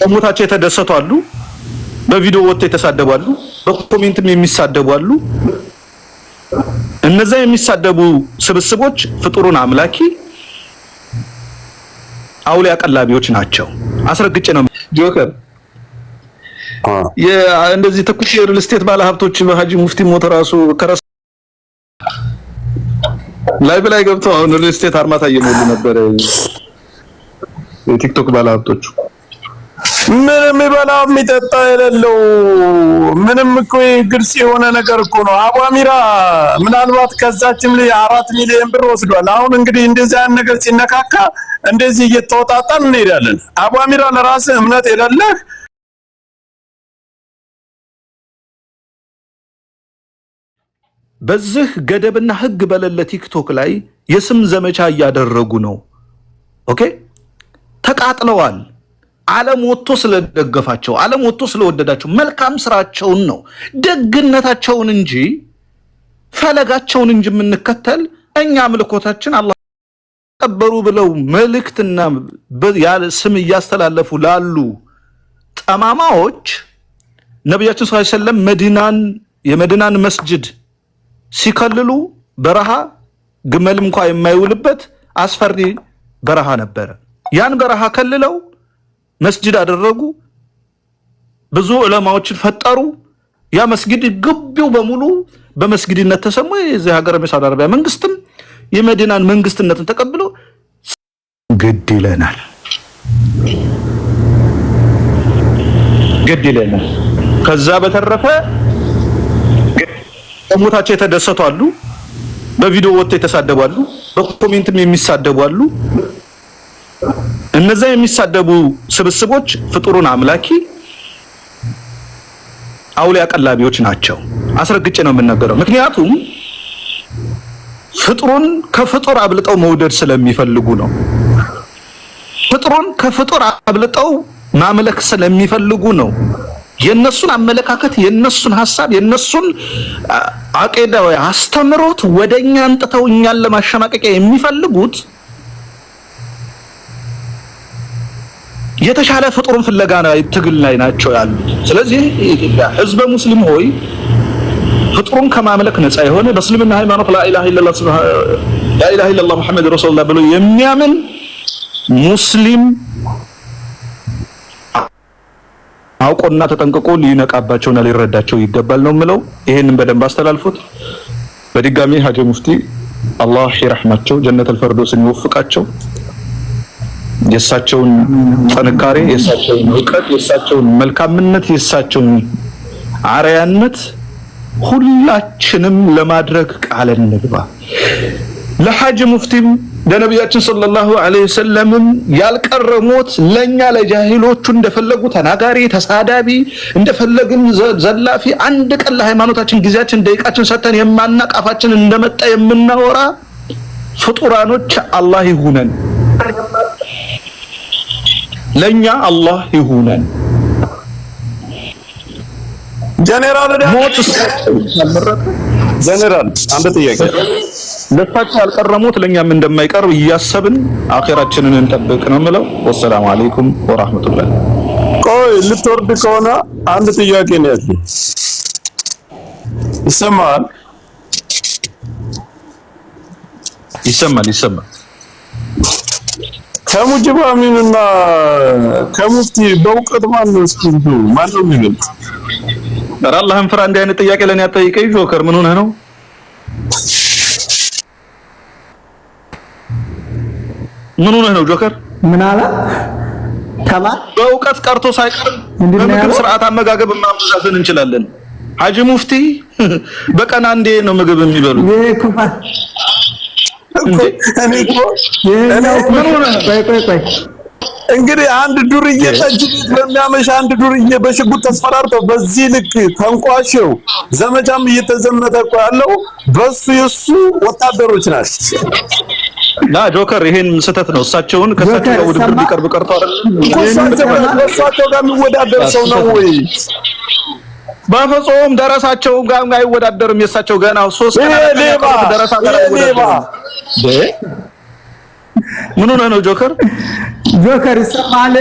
በሞታቸው የተደሰቱ አሉ፣ በቪዲዮ ወጥተው የተሳደቡ አሉ፣ በኮሜንትም የሚሳደቡ አሉ። እነዛ የሚሳደቡ ስብስቦች ፍጡሩን አምላኪ አውሊያ አቀላቢዎች ናቸው። አስረግጬ ነው ጆከር እንደዚህ ትኩስ የሪል ስቴት ባለሀብቶች በሀጂ ሙፍቲ ሞት ራሱ ከረስ ላይ በላይ ገብተው አሁን ሪል ስቴት አርማታ እየሞሉ ነበረ የቲክቶክ ባለ ምን ይበላ የሚጠጣ የሌለው ምንም እኮ ግልጽ የሆነ ነገር እኮ ነው። አቧሚራ ምናልባት ከዛችም ላይ አራት ሚሊዮን ብር ወስዷል። አሁን እንግዲህ እንደዚህ አይነት ነገር ሲነካካ እንደዚህ እየተወጣጣን እንሄዳለን። አሚራ ለራስህ እምነት የሌለህ በዚህ ገደብና ሕግ በሌለ ቲክቶክ ላይ የስም ዘመቻ እያደረጉ ነው። ኦኬ ተቃጥለዋል። ዓለም ወጥቶ ስለደገፋቸው ዓለም ወጥቶ ስለወደዳቸው መልካም ስራቸውን ነው ደግነታቸውን እንጂ ፈለጋቸውን እንጂ የምንከተል እኛ አምልኮታችን አላህ ተቀበሩ ብለው መልእክትና ስም እያስተላለፉ ላሉ ጠማማዎች ነቢያችን ስ ሰለም መዲናን የመዲናን መስጅድ ሲከልሉ በረሃ ግመል እንኳ የማይውልበት አስፈሪ በረሃ ነበረ። ያን በረሃ ከልለው መስጅድ አደረጉ፣ ብዙ ዕለማዎችን ፈጠሩ። ያ መስጊድ ግቢው በሙሉ በመስጊድነት ተሰሙ። የዚህ ሀገር የሳውዲ አረቢያ መንግስትም የመዲናን መንግስትነትን ተቀብሎ ግድ ይለናል ግድ ይለናል። ከዛ በተረፈ በሞታቸው የተደሰቱ አሉ፣ በቪዲዮ ወጥተው የተሳደቡ አሉ፣ በኮሜንትም የሚሳደቡ አሉ። እነዛ የሚሳደቡ ስብስቦች ፍጡሩን አምላኪ አውሊያ ቀላቢዎች ናቸው። አስረግጬ ነው የምናገረው። ምክንያቱም ፍጡሩን ከፍጡር አብልጠው መውደድ ስለሚፈልጉ ነው። ፍጡሩን ከፍጡር አብልጠው ማምለክ ስለሚፈልጉ ነው። የነሱን አመለካከት፣ የነሱን ሀሳብ፣ የነሱን አቄዳ አስተምሮት ወደኛ አንጥተው እኛን ለማሸማቀቂያ የሚፈልጉት የተሻለ ፍጡሩን ፍለጋ ትግል ላይ ናቸው ያሉ። ስለዚህ የኢትዮጵያ ህዝበ ሙስሊም ሆይ ፍጡሩን ከማምለክ ነፃ የሆነ በእስልምና ሃይማኖት ላኢላሃ ኢለላህ ሙሐመድ ረሱሉላህ ብሎ የሚያምን ሙስሊም አውቆና ተጠንቅቆ ሊነቃባቸውና ሊረዳቸው ይገባል ነው የምለው። ይሄንን በደንብ አስተላልፉት። በድጋሚ ሀጂ ሙፍቲ አላህ ይርሐማቸው፣ ጀነተል ፈርዶስን ይወፍቃቸው። የእሳቸውን ጥንካሬ፣ የእሳቸውን እውቀት፣ የእሳቸውን መልካምነት፣ የእሳቸውን አርያነት ሁላችንም ለማድረግ ቃል እንግባ። ለሐጅ ሙፍቲም ለነቢያችን ሰለላሁ ዐለይሂ ወሰለምም ያልቀረሙት ለኛ ለእኛ ለጃሂሎቹ እንደፈለጉ ተናጋሪ፣ ተሳዳቢ፣ እንደፈለግን ዘላፊ አንድ ቀን ለሃይማኖታችን ጊዜያችን ደቂቃችን ሰተን የማናቃፋችን እንደመጣ የምናወራ ፍጡራኖች አላህ ይሁነን። ለእኛ አላህ ይሁነን። ጀኔራል ሞት ጀኔራል፣ አንድ ጥያቄ ለሳቸው ያልቀረሙት ሞት ለእኛም እንደማይቀርብ እያሰብን አኼራችንን እንጠብቅ ነው የምለው። ወሰላሙ አለይኩም ወራህመቱላህ። ቆይ ልትወርድ ከሆነ አንድ ጥያቄ ነው ያለ ይሰማል፣ ይሰማል፣ ይሰማል ከሙጅብ አሚን ከሙፍቲ በእውቀት ማን ነው? እስኪ እንደው ማን ነው የሚበልጥ? ኧረ አላህን ፍራ። እንዲህ አይነት ጥያቄ ለኔ አትጠይቀኝ ጆከር። ምን ሆነህ ነው? ምን ሆነህ ነው ጆከር? ምን አለ ተማ በእውቀት ቀርቶ ሳይቀር በምግብ ስርዓት አመጋገብ ማምጣትን እንችላለን። ሀጂ ሙፍቲ በቀን አንዴ ነው ምግብ የሚበሉ እንግዲህ አንድ ዱርዬ ጠጅ ቤት በሚያመሽ አንድ ዱርዬ በሽጉጥ ተስፈራርተው በዚህ ልክ ተንቋሸው ዘመቻም እየተዘመተ እኮ ያለው በሱ የሱ ወታደሮች ናቸው። ና ጆከር ይሄን ስህተት ነው። እሳቸውን ከእሳቸው ጋር ውድድር ቢቀርብ ቀርቶ አይደለም እኮ እሳቸው ጋር የሚወዳደር ሰው ነው ወይ? በፍጹም ደረሳቸው ጋር አይወዳደርም። የሳቸው ገና ሶስት ደረሳ ጋር ምን ሆነ ነው ጆከር ጆከር ይሰማል።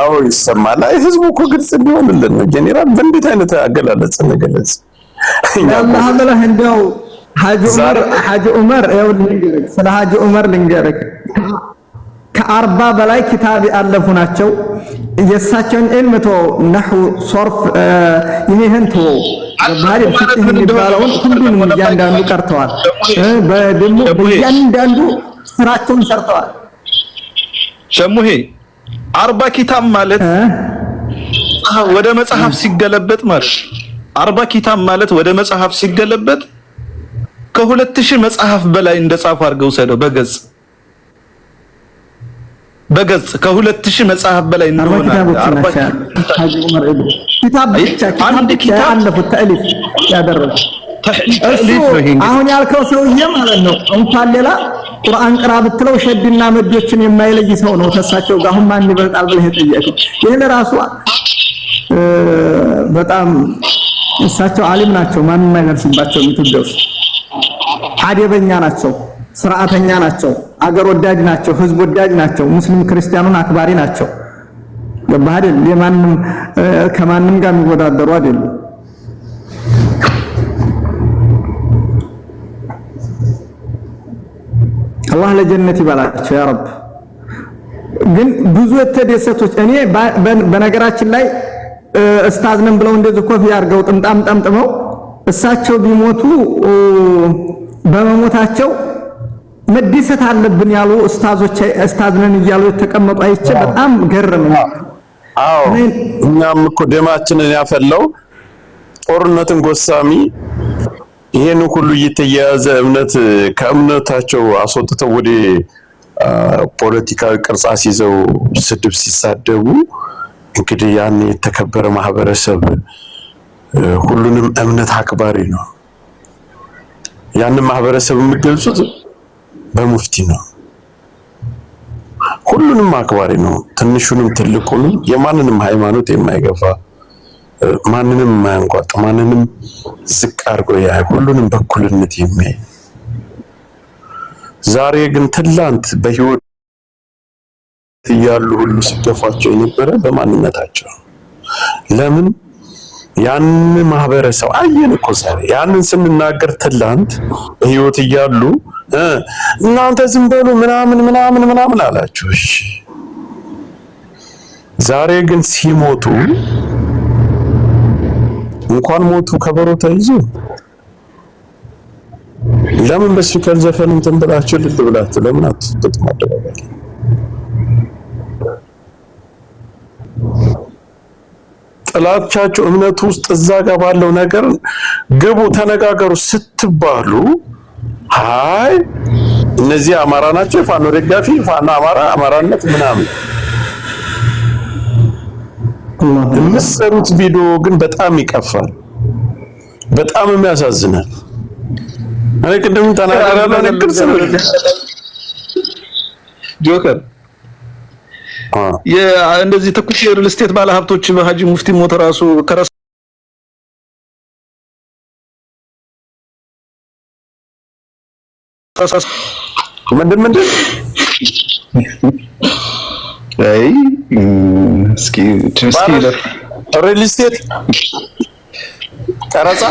አዎ ይሰማል። አይ ህዝቡ እኮ ግልጽ እንዲሆንልን ነው። ጄኔራል በእንዴት አይነት አገላለጽ እንገለጽ? አላህ አላህ እንደው ሐጂ ዑመር ሐጂ ዑመር ያው ልንገርህ፣ ስለ ሐጂ ዑመር ልንገርህ ከአርባ በላይ ኪታብ ያለፉ ናቸው። የእሳቸውን ዕልም ተወ፣ ነህው፣ ሶርፍ ይሄን ተወ፣ ባሪፍ ፍትህ የሚባለውን ሁሉንም እያንዳንዱ ቀርተዋል። በደሞ እያንዳንዱ ስራቸውን ሰርተዋል። ሸሙሄ አርባ ኪታብ ማለት ወደ መጽሐፍ ሲገለበጥ ማለት አርባ ኪታብ ማለት ወደ መጽሐፍ ሲገለበጥ ከሁለት ሺህ መጽሐፍ በላይ እንደጻፉ አድርገው ሰደው በገጽ በገጽ ከሁለት ሺህ መጽሐፍ በላይ እንደሆነ አንድ አሁን ያልከው ሰውዬ ማለት ነው። እንኳን ሌላ ቁርአን ቅራ ብትለው ሸድና መዶችን የማይለይ ሰው ነው። ተሳቸው ጋር አሁን ማን ይበልጣል ብለህ የጠየቀው ይሄ ለራሱ በጣም እሳቸው አሊም ናቸው። ማንም አይደርስባቸውም። ኢትዮጵያ ውስጥ አደበኛ ናቸው። ስርዓተኛ ናቸው፣ አገር ወዳጅ ናቸው፣ ህዝብ ወዳጅ ናቸው፣ ሙስሊም ክርስቲያኑን አክባሪ ናቸው። ገባህ አይደል? የማንም ከማንም ጋር የሚወዳደሩ አይደሉም። አላህ ለጀነት ይበላቸው ያ ረብ። ግን ብዙ የተደሰቶች እኔ በነገራችን ላይ እስታዝ ነን ብለው እንደዚህ ኮፊ አድርገው ጥምጣም ጠምጥመው እሳቸው ቢሞቱ በመሞታቸው መደሰት አለብን ያሉ ኡስታዞች እስታዝነን እያሉ የተቀመጡ አይቼ በጣም ገረም። አዎ እኛም እኮ ደማችንን ያፈላው ጦርነትን ጎሳሚ ይሄን ሁሉ እየተያያዘ እምነት ከእምነታቸው አስወጥተው ወደ ፖለቲካዊ ቅርጻ ሲይዘው ስድብ ሲሳደቡ እንግዲህ ያን የተከበረ ማህበረሰብ ሁሉንም እምነት አክባሪ ነው። ያንን ማህበረሰብ የምገልጹት በሙፍቲ ነው። ሁሉንም አክባሪ ነው። ትንሹንም ትልቁንም፣ የማንንም ሃይማኖት የማይገፋ ማንንም የማያንቋጥ ማንንም ዝቅ አድርጎ ያይ ሁሉንም በኩልነት የሚያይ ዛሬ ግን ትላንት በህይወት እያሉ ሁሉ ሲገፋቸው የነበረ በማንነታቸው ለምን ያን ማህበረሰብ አየን እኮ ዛሬ ያንን ስንናገር ትላንት በህይወት እያሉ እናንተ ዝም በሉ ምናምን ምናምን ምናምን አላችሁ። እሺ ዛሬ ግን ሲሞቱ እንኳን ሞቱ ከበሮ ተይዞ ለምን በስፒከር ዘፈን እንትን ብላችሁ ብላችሁ ለምን አትጥጥ ማደረጋል? ጥላቻችሁ እምነቱ ውስጥ እዛ ጋር ባለው ነገር ግቡ፣ ተነጋገሩ ስትባሉ አይ እነዚህ አማራ ናቸው፣ የፋኖ ደጋፊ ፋኖ አማራ አማራነት ምናምን የምትሰሩት ቪዲዮ ግን በጣም ይቀፋል። በጣም የሚያሳዝናል። እኔ ቅድም ተናገራለሁ። እኔ ግልጽ ነው ጆከር እንደዚህ ተኩሽ ሪል ስቴት ባለሀብቶች ሀብቶች ሀጂ ሙፍቲ ሞት ራሱ ምንድን ምንድን አይ እስኪ እስኪ ሪል ስቴት ቀረጻ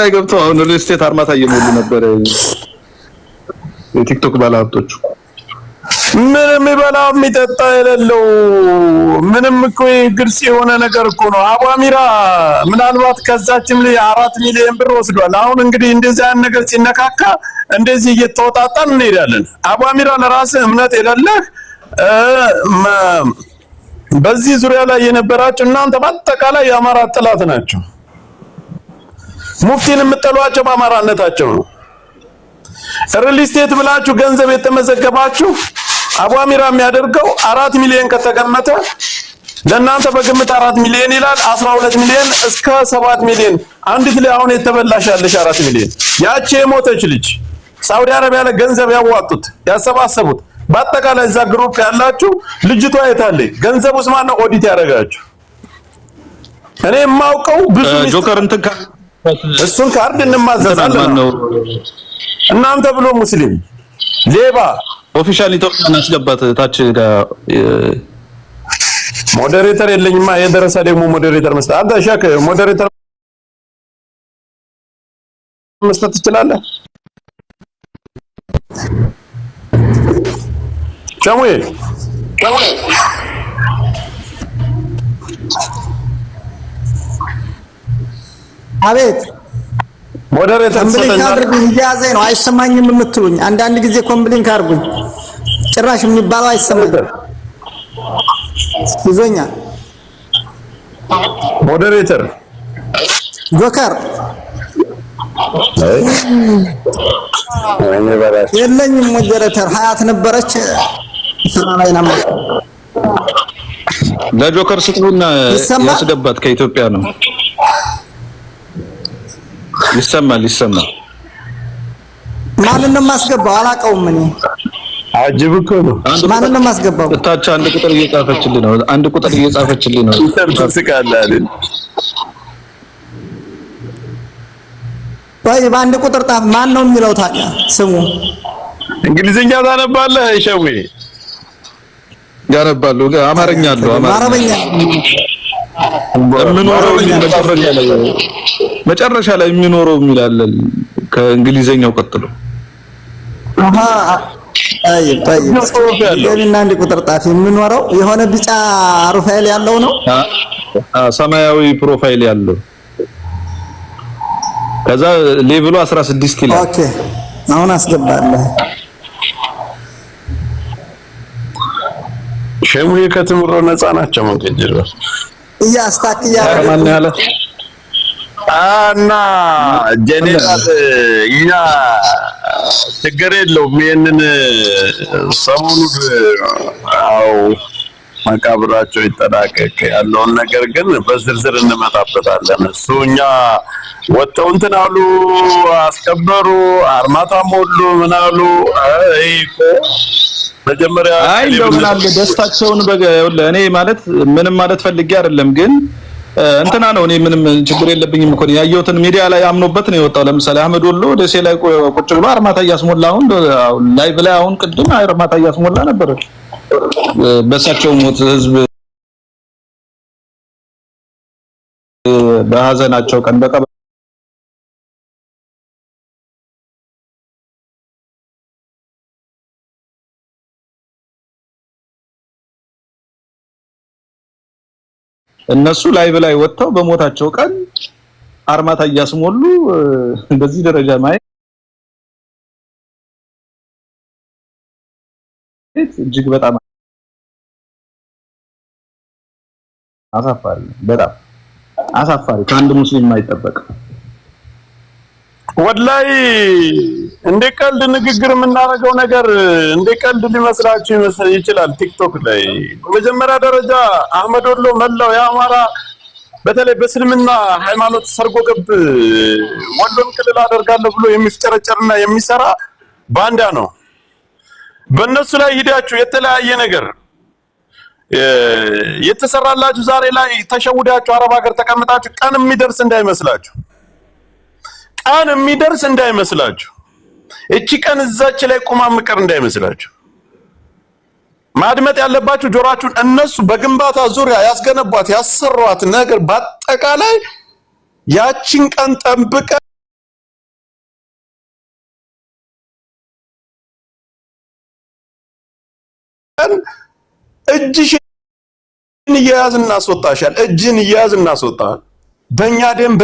ላይ ገብተው አሁን ሪል ስቴት አርማታ እየሞሉ ነበር የቲክቶክ ባለሀብቶቹ። ምንም ይበላ የሚጠጣ የሌለው ምንም እኮ ግልጽ የሆነ ነገር እኮ ነው። አቧሚራ ምናልባት ከዛችም ላይ አራት ሚሊዮን ብር ወስዷል። አሁን እንግዲህ እንደዚህ አይነት ነገር ሲነካካ እንደዚህ እየተወጣጣን እንሄዳለን። አቧሚራ ለራስህ እምነት የሌለህ በዚህ ዙሪያ ላይ የነበራችሁ እናንተ በአጠቃላይ የአማራ ጥላት ናቸው። ሙፍቲን የምጠሏቸው በአማራነታቸው ነው። ሪል ስቴት ብላችሁ ገንዘብ የተመዘገባችሁ አሚራ የሚያደርገው አራት ሚሊዮን ከተገመተ ለእናንተ በግምት አራት ሚሊዮን ይላል። 12 ሚሊዮን እስከ 7 ሚሊዮን አንዲት ላይ አሁን የተበላሽ ያለሽ 4 ሚሊዮን ያቺ የሞተች ልጅ ሳውዲ አረቢያ ላይ ገንዘብ ያዋጡት ያሰባሰቡት በአጠቃላይ እዛ ግሩፕ ያላችሁ ልጅቷ የታለች? ገንዘብ ውስጥ ማነው ኦዲት ያደረጋችሁ? እኔ የማውቀው ብዙ ጆከር እንትን እሱን ካርድ እንማዘዛለን እናንተ ብሎ ሙስሊም ሌባ ኦፊሻል ኢትዮጵያ ገባት ታች ሞዴሬተር የለኝማ። የደረሰ ደግሞ ሞዴሬተር መስጠት አንተ ሸክ ሞዴሬተር መስጠት ትችላለህ። ሸሙዬ አቤት ሞዴሬት ኮምፕሊንክ አድርጉኝ እየያዘኝ ነው አይሰማኝም የምትሉኝ አንዳንድ ጊዜ ኮምፕሊንክ አድርጉኝ ጭራሽ የሚባለው አይሰማኝም ይዞኛል ሞዴሬተር ጆከር የለኝም ሞዴሬተር ሀያት ነበረች ላይ ለጆከር ስትሉና ያስገባት ከኢትዮጵያ ነው ይሰማል ይሰማል። ማንን ነው የማስገባው? አላውቀውም እኔ አጅብ እኮ ነው። ማንን ነው የማስገባው? እታች አንድ ቁጥር እየጻፈችልኝ ነው። አንድ ቁጥር እየጻፈችልኝ ነው። ትስቃለህ። በአንድ ቁጥር ጣፍ ማን ነው የሚለው ታዲያ? ስሙ እንግሊዝኛ ታነባለህ? ሸዊ ያነባሉ። አማርኛ አለው አማርኛ አረበኛ መጨረሻ ላይ የሚኖረው የሚላል ከእንግሊዘኛው ቀጥሎ አሃ አንድ ቁጥር ጣት የሚኖረው የሆነ ቢጫ ፕሮፋይል ያለው ነው። ሰማያዊ ፕሮፋይል ያለው ከዛ ሌቭሉ 16 ይላል። ኦኬ አሁን አስገባለሁ። ሸሙዬ ከትምሮ ነፃ ናቸው መንገድ ይላል እያስታክ ያለ እና ጄኔራል እኛ ችግር የለውም። ይህንን ሰሞኑን አው መቃብራቸው ይጠናቀቅ ያለውን ነገር ግን በዝርዝር እንመጣበታለን። እሱ እኛ ወጥተው እንትን አሉ፣ አስከበሩ፣ አርማታ ሞሉ፣ ምን አሉ። ይሄ መጀመሪያ አይ እንደው ምን አለ ደስታቸውን እኔ ማለት ምንም ማለት ፈልጌ አይደለም ግን እንትና ነው። እኔ ምንም ችግር የለብኝም እኮ ያየሁትን ሚዲያ ላይ አምኖበት ነው የወጣው። ለምሳሌ አህመድ ወሎ ደሴ ላይ ቁጭ ብሎ አርማታ እያስሞላ አሁን ላይቭ ላይ አሁን ቅድም አርማታ እያስሞላ ነበር። በእሳቸው ሞት ህዝብ በሀዘናቸው ቀን በቀ እነሱ ላይ በላይ ወጥተው በሞታቸው ቀን አርማታ እያስሞሉ በዚህ ደረጃ ማየት እጅግ በጣም አሳፋሪ በጣም አሳፋሪ ከአንድ ሙስሊም የማይጠበቅ ወላይ እንደ ቀልድ ንግግር የምናደርገው ነገር እንደ ቀልድ ሊመስላችሁ ይችላል። ቲክቶክ ላይ በመጀመሪያ ደረጃ አህመድ ወሎ መላው የአማራ በተለይ በእስልምና ሃይማኖት ሰርጎ ገብ ወሎን ክልል አደርጋለሁ ብሎ የሚፍጨረጨርና የሚሰራ ባንዳ ነው። በእነሱ ላይ ሂዳችሁ የተለያየ ነገር የተሰራላችሁ ዛሬ ላይ ተሸውዳችሁ አረብ ሀገር ተቀምጣችሁ ቀን የሚደርስ እንዳይመስላችሁ፣ ቀን የሚደርስ እንዳይመስላችሁ እቺ ቀን እዛች ላይ ቁማ ምቀር እንዳይመስላችሁ። ማድመጥ ያለባችሁ ጆሯችሁን፣ እነሱ በግንባታ ዙሪያ ያስገነቧት ያሰሯት ነገር በአጠቃላይ ያቺን ቀን ጠብቀ እጅሽን እያያዝ እናስወጣሻል። እጅን እያያዝ እናስወጣል። በእኛ ደም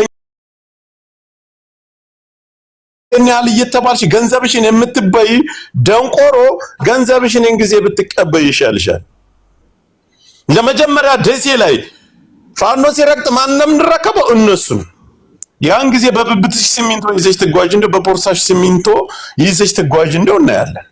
ያህል እየተባልሽ ገንዘብሽን የምትበይ ደንቆሮ ገንዘብሽን ጊዜ ብትቀበይ ይሻልሻል። ለመጀመሪያ ደሴ ላይ ፋኖ ሲረግጥ ማንም እንረከበው እነሱን ያን ጊዜ በብብትሽ ሲሚንቶ ይዘሽ ትጓዥ እንደው በፖርሳሽ ሲሚንቶ ይዘሽ ትጓዥ እንደው እናያለን።